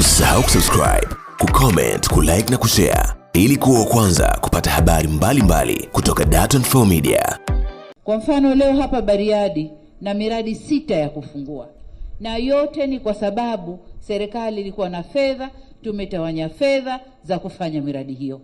Usisahau kusubscribe, kucomment, kulike na kushare ili kuwa kwanza kupata habari mbalimbali mbali kutoka Dar24 Media. Kwa mfano leo hapa Bariadi na miradi sita ya kufungua, na yote ni kwa sababu serikali ilikuwa na fedha, tumetawanya fedha za kufanya miradi hiyo.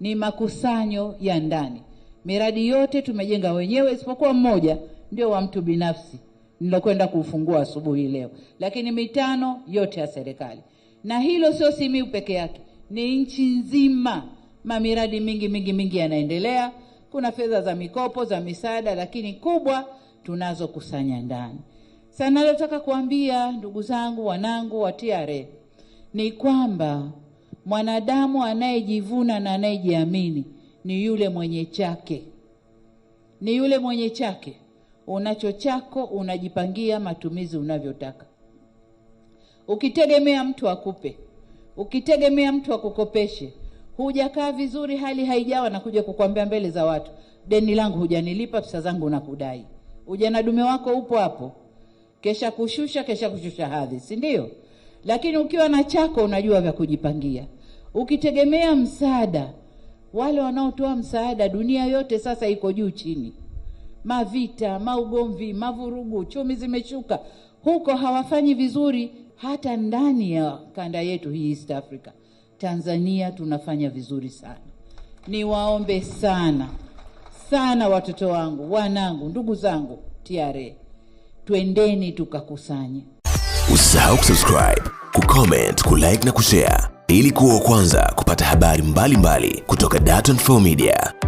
Ni makusanyo ya ndani, miradi yote tumejenga wenyewe isipokuwa mmoja ndio wa mtu binafsi nilokwenda kuufungua asubuhi leo, lakini mitano yote ya serikali na hilo sio Simiyu peke yake, ni nchi nzima. Mamiradi mingi mingi mingi yanaendelea. Kuna fedha za mikopo za misaada, lakini kubwa tunazokusanya ndani. Sasa nalotaka kuambia ndugu zangu, wanangu wa TRA ni kwamba mwanadamu anayejivuna na anayejiamini ni yule mwenye chake, ni yule mwenye chake. Unacho chako unajipangia matumizi unavyotaka. Ukitegemea mtu akupe, ukitegemea mtu akukopeshe, hujakaa vizuri, hali haijawa, na kuja kukwambia mbele za watu, deni langu hujanilipa, pesa zangu nakudai. Ujana dume wako upo hapo, kesha kushusha, kesha kushusha hadhi, si ndio? Lakini ukiwa na chako unajua vya kujipangia, ukitegemea msaada. Wale wanaotoa msaada dunia yote sasa iko juu chini, mavita, maugomvi, mavurugu, chumi zimeshuka, huko hawafanyi vizuri hata ndani ya kanda yetu hii East Africa, Tanzania tunafanya vizuri sana. Niwaombe sana sana, watoto wangu, wanangu, ndugu zangu TRA, twendeni tukakusanye. Usisahau kusubscribe, kucomment, kulike na kushare ili kuwa wa kwanza kupata habari mbalimbali mbali kutoka Dar24 Media.